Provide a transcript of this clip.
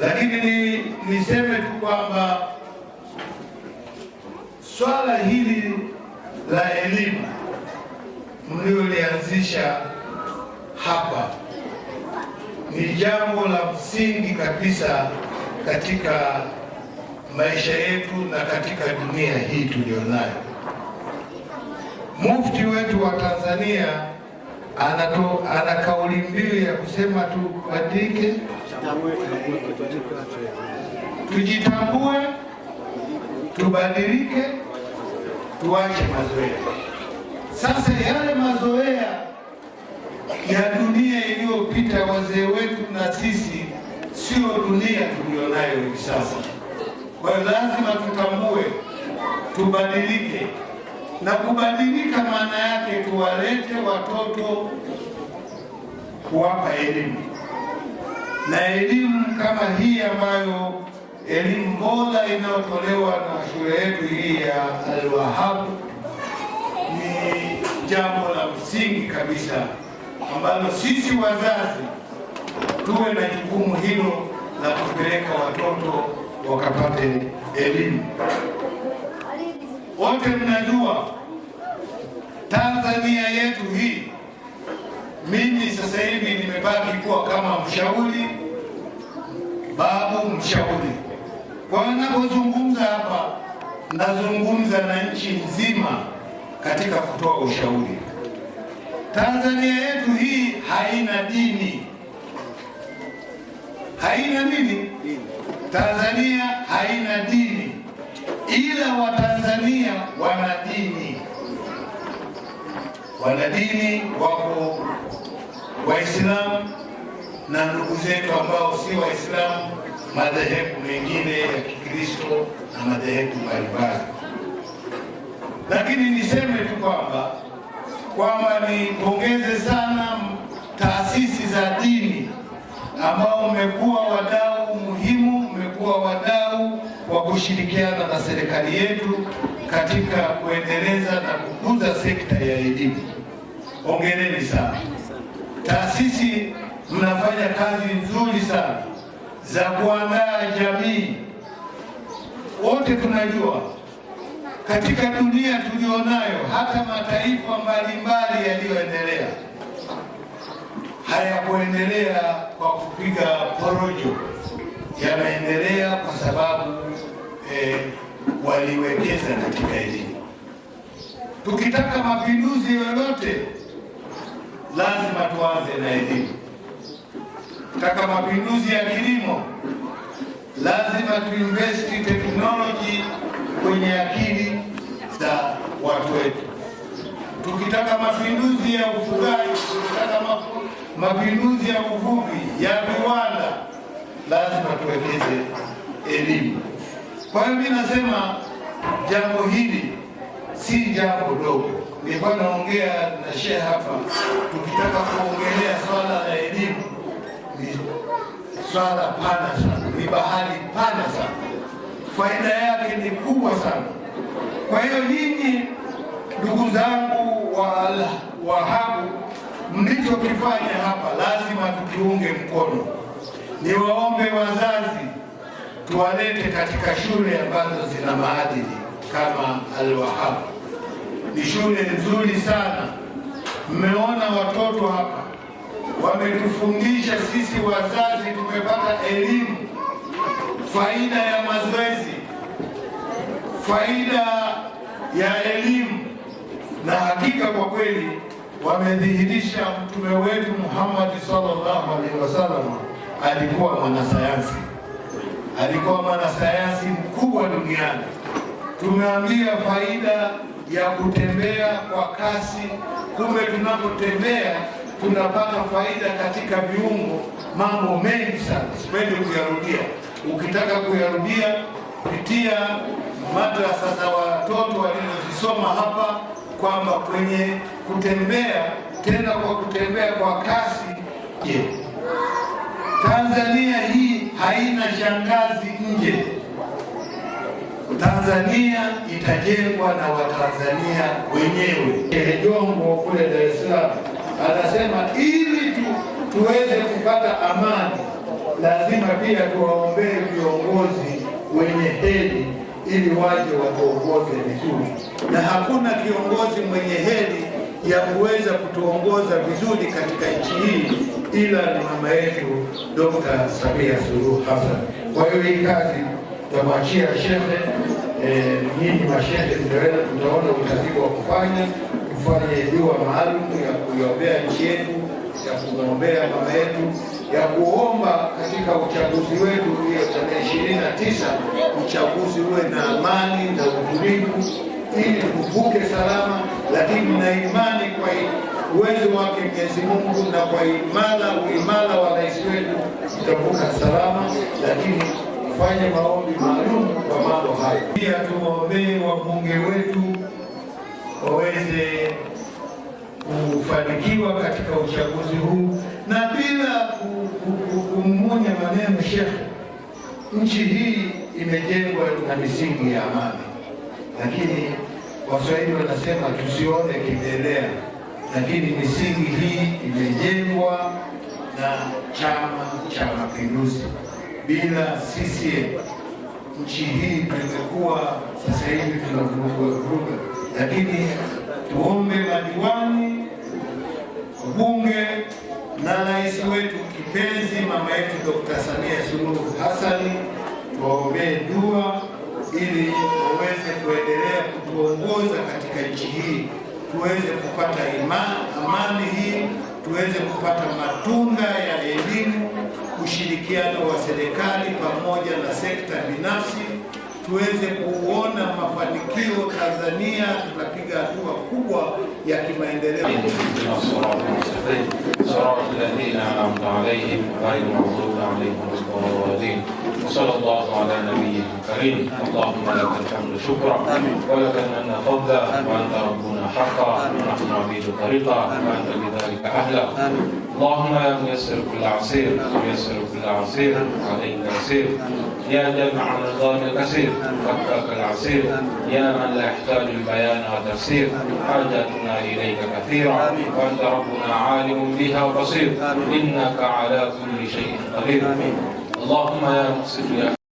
Lakini ni niseme tu kwamba swala hili la elimu mliolianzisha hapa ni jambo la msingi kabisa katika maisha yetu na katika dunia hii tuliyonayo. Mufti wetu wa Tanzania ana kauli mbiu ya kusema tubadilike, tujitambue, tubadilike, tuache mazoea. Sasa yale mazoea ya dunia iliyopita, wazee wetu na sisi, sio dunia tuliyonayo hivi sasa. Kwa hiyo lazima tutambue, tubadilike na kubadilika, maana yake tuwalete watoto kuwapa elimu, na elimu kama hii ambayo elimu bora inayotolewa na shule yetu hii ya Alwahab ni jambo la msingi kabisa ambalo sisi wazazi tuwe na jukumu hilo la kupeleka watoto wakapate elimu. Wote mnajua Tanzania yetu hii, mimi sasa hivi nimebaki kuwa kama mshauri, babu mshauri. Kwa ninapozungumza hapa, nazungumza na nchi nzima katika kutoa ushauri. Tanzania yetu hii haina dini, haina nini? Tanzania haina dini ila Watanzania wana dini, wana dini wako Waislamu na ndugu zetu ambao si Waislamu, madhehebu mengine ya Kikristo na madhehebu mbalimbali. Lakini niseme tu kwamba kwamba nipongeze sana taasisi za dini ambao mmekuwa wadau muhimu, mmekuwa wadau kwa kushirikiana na serikali yetu katika kuendeleza na kukuza sekta ya elimu. Hongereni sana taasisi, mnafanya kazi nzuri sana za kuandaa jamii. Wote tunajua katika dunia tulionayo, hata mataifa mbalimbali yaliyoendelea hayakuendelea kwa kupiga porojo yanaendelea kwa sababu eh, waliwekeza katika elimu. Tukitaka mapinduzi yoyote, lazima tuanze na elimu. Tutaka mapinduzi ya kilimo, lazima tuinvesti teknoloji kwenye akili za watu wetu. Tukitaka mapinduzi ya ufugaji, tukitaka mapinduzi ya uvuvi, ya viwanda lazima tuwekeze elimu. Kwa hiyo mimi nasema jambo hili si jambo dogo. Nilikuwa naongea na shehe hapa, tukitaka kuongelea swala la elimu ni swala pana sana, ni bahari pana sana, faida yake ni kubwa sana. Kwa hiyo nyinyi ndugu zangu wa Wahabu, mlichokifanya hapa lazima tukiunge mkono niwaombe wazazi tuwalete katika shule ambazo zina maadili kama Al-Wahab. Ni shule nzuri sana. Mmeona watoto hapa wametufundisha sisi wazazi, tumepata elimu, faida ya mazoezi, faida ya elimu, na hakika kwa kweli wamedhihirisha mtume wetu Muhammad sallallahu alaihi wasallam alikuwa mwanasayansi, alikuwa mwanasayansi mkubwa duniani. Tumeambia faida ya kutembea kwa kasi, kumbe tunapotembea tunapata faida katika viungo, mambo mengi sana, sipendi kuyarudia. Ukitaka kuyarudia, pitia madrasa za watoto walizozisoma hapa, kwamba kwenye kutembea, tena kwa kutembea kwa kasi, yeah. Tanzania hii haina shangazi nje. Tanzania itajengwa na Watanzania wenyewe. Jongo kule Dar es Salaam anasema ili tu, tuweze kupata amani lazima pia tuwaombee viongozi wenye heri ili waje watuongoze vizuri, na hakuna kiongozi mwenye heri ya kuweza kutuongoza vizuri katika nchi hii, ila ni mama yetu Dr. Samia Suluhu Hassan. Kwa hiyo hii kazi tutamwachia shehe, eh, nyinyi mashehe tutaona utaratibu wa kufanya, kufanya dua maalum ya kuiombea nchi yetu, ya kumwombea mama yetu, ya kuomba katika uchaguzi wetu hiyo tarehe ishirini na tisa uchaguzi uwe na amani na utulivu ili mvuke salama, lakini na imani kwa uwezo wake Mwenyezi Mungu na kwa imara uimara wa rais wetu mtavuka salama, lakini fanye maombi maalum kwa mambo hayo. Pia tuwaombee wabunge wetu waweze kufanikiwa katika uchaguzi huu na bila kummunya maneno shekhe, nchi hii imejengwa na misingi ya amani, lakini Waswahili wanasema tusione kiendelea, lakini misingi hii imejengwa na Chama cha Mapinduzi. Bila CCM nchi hii tungekuwa sasa hivi tunavuruga vuruga, lakini tuombe madiwani, bunge na rais wetu kipenzi, mama yetu Dr. Samia Suluhu Hassan, tuwaombee dua kuongoza katika nchi hii, tuweze kupata imani, amani hii, tuweze kupata matunda ya elimu, ushirikiano wa serikali pamoja na sekta binafsi, tuweze kuona mafanikio Tanzania, tunapiga hatua kubwa ya kimaendeleo. وصلى الله على نبيه الكريم اللهم لك الحمد شكرا ولك المنة فضلا وانت ربنا حقا ونحن عبيد طريقا وانت بذلك اهلا اللهم يا ميسر كل عسير يسر كل عسير عليك عسير يا جامع النظام الأسير فكك العسير يا من لا يحتاج البيان وتفسير حاجتنا إليك كثيرة وأنت ربنا عالم بها بصير إنك على كل شيء قدير اللهم يا مقسط يا